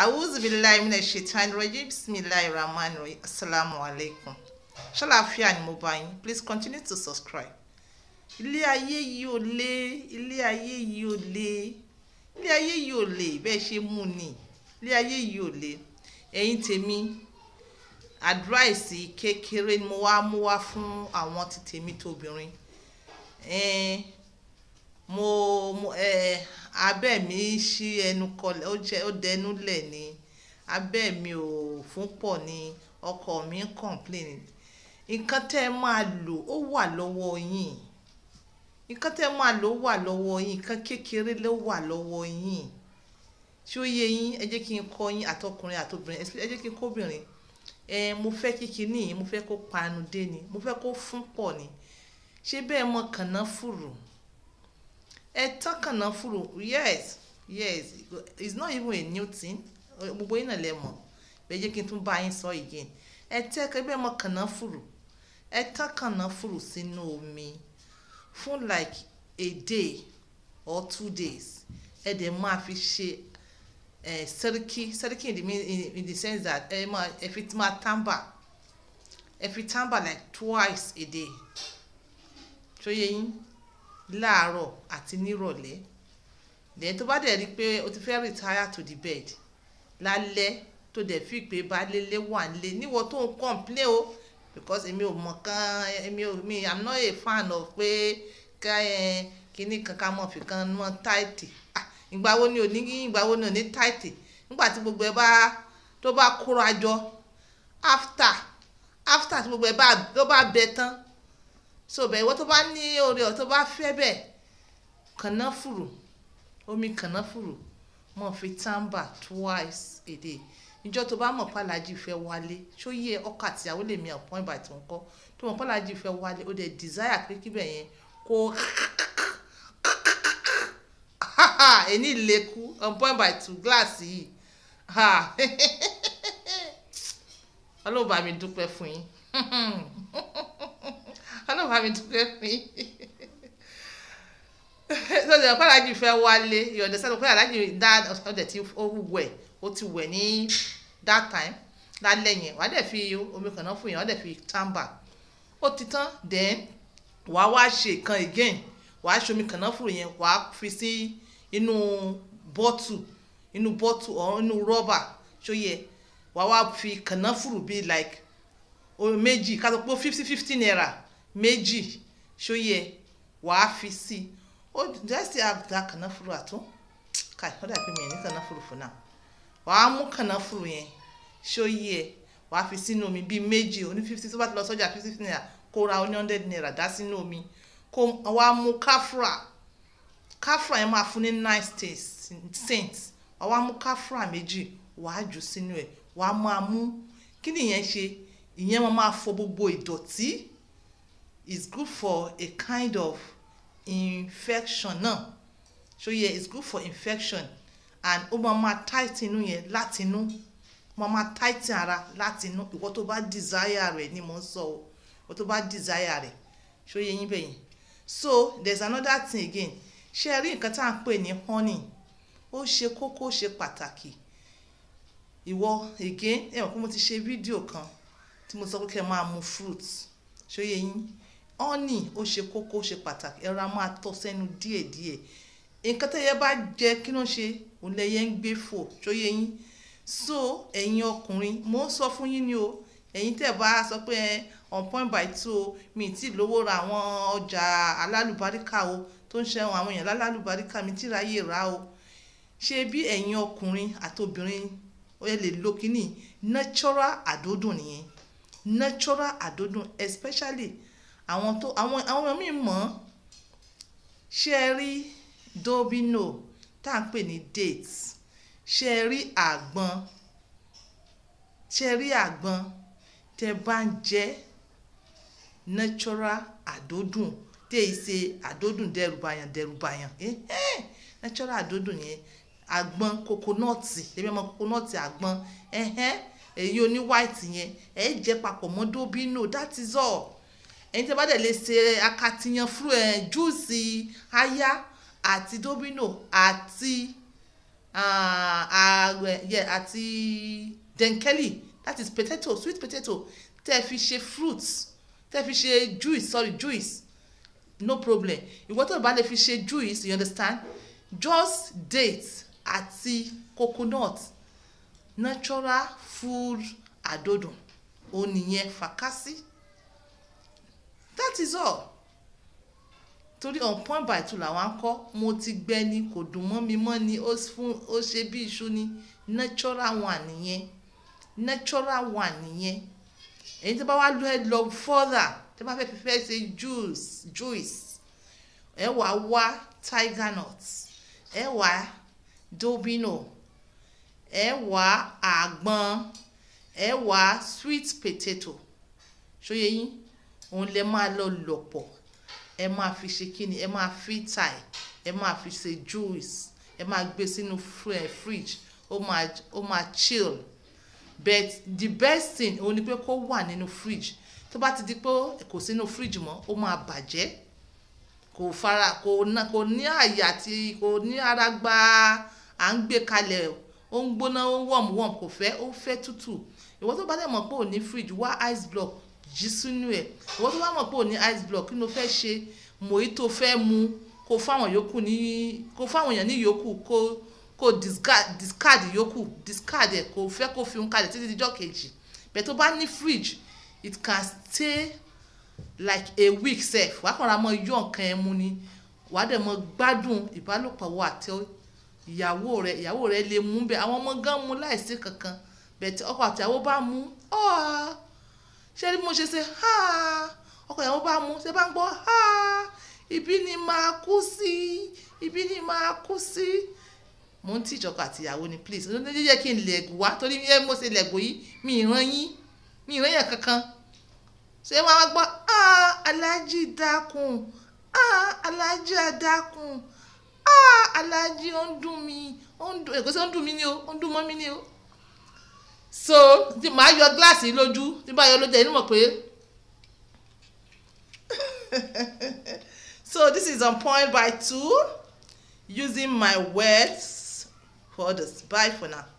àwùzùbíláì mi lè ṣe tán rọjí bisimilahi rahman rahim asalaamu alaykum ṣàlàáfíà ni mo bá yín please continue to subscribe ilé ayé yìí ò le ilé ayé yìí ò le ilé ayé yìí ò le bẹ́ẹ̀ ṣe mú ni ilé ayé yìí ò le ẹ̀yin tèmi àdúráìsì kékeré ni mo wá mú wá fún àwọn ti tèmi tóbìnrin ẹ̀ẹ́n mo mo ẹ abẹ́ mi ṣí ẹnu kọlẹ̀ ó jẹ ó dẹnu lẹ̀ ni abẹ́ mi ò fún pọ̀ ni ọkọ mi ń complain nǹkan tẹ́ ẹ máa lò ó wà lọ́wọ́ yín nǹkan tẹ́ ẹ máa lò ó wà lọ́wọ́ yín nǹkan kékeré ló wà lọ́wọ́ yín tí ó yé yín ẹ jẹ́ kí n kọ́ yín àtọkùnrin àtobìnrin ẹ jẹ́ kí n kóbìnrin ẹ mo fẹ́ kíkí ní mo fẹ́ kó panu dé ni mo fẹ́ kó fún pọ̀ ni ṣé bẹ́ẹ̀ mọ kànáfùrù ẹ̀tàn kànáfùrù yes yes it's not even a new thing gbogbo yín náà lẹ mọ̀ bẹ́ẹ̀ jẹ́ kí n tún bá yín sọ again ẹ̀tẹ́ kẹgbẹ́ mọ kànáfùrù ẹ̀tàn kànáfùrù sínú omi fún like a day or two days ẹ dẹ̀ máa fi ṣe sẹ́ríkì sẹ́ríkì in the mean in, the sense that ẹ máa ẹ fi máa tamba ẹ fi tàǹbà like twice a day ṣó yẹ yín láàárọ̀ àti nírọ̀lẹ́ lẹ́yìn tó bá dẹ̀ rí pé o ti fẹ́ retire to the bed lálẹ́ tó dẹ̀ fi pé balẹ̀lẹ̀ wà nílé níwọ tó ń complain o because èmi ò mọ̀ kan èmi ò mi i'm not a fan of pé ká ẹ kíní kankan mọ̀ fi kan mọ̀ táìtì ah, ìgbà wo ni ò ní ìgbà wo ni ò ní táìtì nígbà tí gbogbo ẹ bá tó bá kóra jọ after after tí gbogbo ẹ bá tó bá bẹ tán so bẹ́ẹ̀ ìwọ tó bá ní oore ọ̀ tó bá fẹ́ bẹ́ẹ̀ kànáfùrù omi kànáfùrù mọ̀ fi tàǹbà twice a day ìjọ tó bá mọ̀ pálájì fẹ́ wálé ṣóyè ọkọ àtìyàwó lèmi appoint by tó ń kọ́ tó mọ̀ pálájì fẹ́ wálé ó dẹ̀ desire pé kíbẹ̀ yẹn kó ẹni ìlẹ́kù appoint by two glass yìí ọlọ́ọ̀bà mi dúpẹ́ fún yín. màmí dúpẹ́ mi so the ọ̀pá alájì fẹ́ wálé you understand ọ̀pá alájì that ọ̀dẹ̀ tí ó wù ẹ̀ ó ti wẹ̀ ní that time lálẹ́ yẹn wàá dẹ̀ fi omi kànáà fún yẹn wàá dẹ̀ fi tàǹbà ó ti tán then wàá wá ṣe kan again wàá ṣe omi kànáà fún yẹn wàá fi sí inú bọ́tù inú bọ́tù ọ̀ inú rọ́bà ṣó yẹ wàá wá fi kànáà fún bíi like omi méjì ká sọ pé fifty fifty naira méjì ṣóyẹ wàá fi sí i ó dẹ́sí àbùdá kànáfùrù àtún káì ó dàbí mi ní kànáfùrù fún náà wàá mú kànáfùrù yẹn ṣóyẹ wàá fi sínú omi bíi méjì oní fifty tó bá ti lọ sọ́jà fifty naira kó ra oní hundred naira dá sínú omi kó wàá mú káfúrà káfúrà yẹn máa fún ní nine states saints wàá mú káfúrà méjì wàá jù sínú ẹ̀ wàá máa mú kí ni ìyẹn ṣe ìyẹn máa fọ gbogbo ìdọ̀tí is good for a kind of infection náà yeah, is good for infection and ó máa máa tight inú yẹn láti inú máa máa tight ara láti inú ìwọ tó bá desire rẹ ni mo ń sọ o ìwọ tó bá desire rẹ ṣóyẹ yín bẹ̀yìn so there's another thing again ṣé ẹ rí nǹkan tá à ń pè ní honey ó ṣe kókó ṣe pàtàkì ìwọ again ẹ mọ̀ pé mo ti ṣe fídíò kan tí mo sọ pé kẹ́ ẹ máa mu fruit ṣóyẹ yín honey ó ṣe kókó ó ṣe pàtàkì ẹ̀rọ a máa tọ́ sẹ́nu díẹ̀díẹ̀ nǹkan tẹ́yẹ bá jẹ kí ló ń ṣe òun lẹ́yẹ ń gbé fò ṣóyé yín so ẹ̀yin ọkùnrin mo ń sọ fún yín ni o ẹ̀yin tẹ́ bá sọ pé on point by two mi ti lówó ra àwọn ọjà alálùbáríkà o tó ń ṣẹ́wọ̀n àwọn èèyàn lálálùbáríkà mi ti ráyè rà o ṣe bí ẹ̀yin ọkùnrin àti obìnrin ẹ lè lo kínní natural àdódùn nìyẹn natural àdódùn especially àwọn tó àwọn àwọn èèyàn míì mọ̀ ṣé ẹ rí domino tá à ń pè ní date ṣé ẹ rí àgbọn ṣé ẹ rí àgbọn tẹ bá ń jẹ natural àdódùn tẹ ẹ ṣe àdódùn dẹrùbàyàn dẹrùbàyàn eh eh natural àdódùn yẹn àgbọn kokonọ́ọ̀tì ẹbí ọmọ kokonọ́ọ̀tì àgbọn ẹ̀hẹ́n èyí oní white yẹn ẹ̀ jẹ́ papọ̀ mọ́ domino that is all ẹni tí a bá dẹ̀ lè ṣe akatiyan fúru ẹ̀ júùsì aya àti domino àti ah, ààrẹ àti dankeli that is potato sweet potato tẹ́ fi ṣe fruit tẹ́ fi ṣe juice sorry juice no problem ìwọ tó bá lè fi ṣe juice you understand just date àti coconut natural food àdòdùn òun nìyẹn fàkásí that is all torí on point by two làwọn akọ mo ti gbẹ ni kò dùn mọ́ mi mọ́ ni ó ṣe bí iṣu ni natural one nìyẹn natural one nìyẹn èyí tó bá wá lọ ẹ lọ further tó bá fẹ́ fẹ́ ṣe juice juice ẹ wá wá tiger nut ẹ wá dobino ẹ wá àgbọn ẹ wá sweet potato ṣó yẹ yín òun lẹ máa lọ lọ̀pọ̀ ẹ máa fi ṣe kíni ẹ máa filter ẹ ẹ máa fi ṣe juice ẹ máa gbé sínú eh, fridge ó máa ó máa chill but the best thing òun ni pé kó wà nínú fridge tó bá ti di pé kò sínú fridge mọ́ ó máa bàjẹ́ kò fara kò ná kò ní àyà àti kò ní ara gba à ń gbé kalẹ̀ ó ń gbóná ó ń wọ̀m wọ̀m kò fẹ́ ó fẹ́ tútù ìwọ́n tó bá dẹ̀ mọ̀ pé ò ní fridge wá ice block jí sínú ẹ̀ ìwọ tó bá mọ̀ pé ò ní ice block kí ló fẹ́ ṣe mojito fẹ́ mu kó fáwọn yòókù ní kó fáwọn èèyàn ní yòókù kó kó discard yòókù discard ẹ̀ kó fẹ́ kó fi ń kalẹ̀ títí dijọ́ kejì bẹ́ẹ̀ tó bá ní fridge it can stay like a week sef wàá kàn ra mọ yọ nǹkan ẹ mu ni wàá dẹ̀ mọ gbádùn ìbálòpọ̀ wọ àti ìyàwó rẹ ìyàwó rẹ lè mú bẹ́ẹ̀ àwọn ọmọ gan mu láìsí kankan bẹ́ẹ̀ tí ọkọ àtìyàwó bá mú ọ́ọ́. Ah! ṣé bí mo ṣe ṣe ọkọ ìyàwó bá mu ṣe bá ń gbọ́ ibi ni máa kú sí ibi ni máa kú sí mo ń tí ìjọkọ àtìyàwó ni please ló ní jẹ́ kí n lẹ̀gùn wá torí bí mo ṣe lẹ̀gùn yìí mi ìran yín mi ìran yẹn kankan ṣé wọn á gbọ́ aláàjì dákun aláàjì àdákun aláàjì ó ń dùn mí ó ń dùn mí ni o ó ń dùn mọ́ mi ni o so tí màá yọ gíláàsì lójú tí bá yọ lójú ẹ̀ nímọ̀ pé so this is on point by two using my words for this bye for now.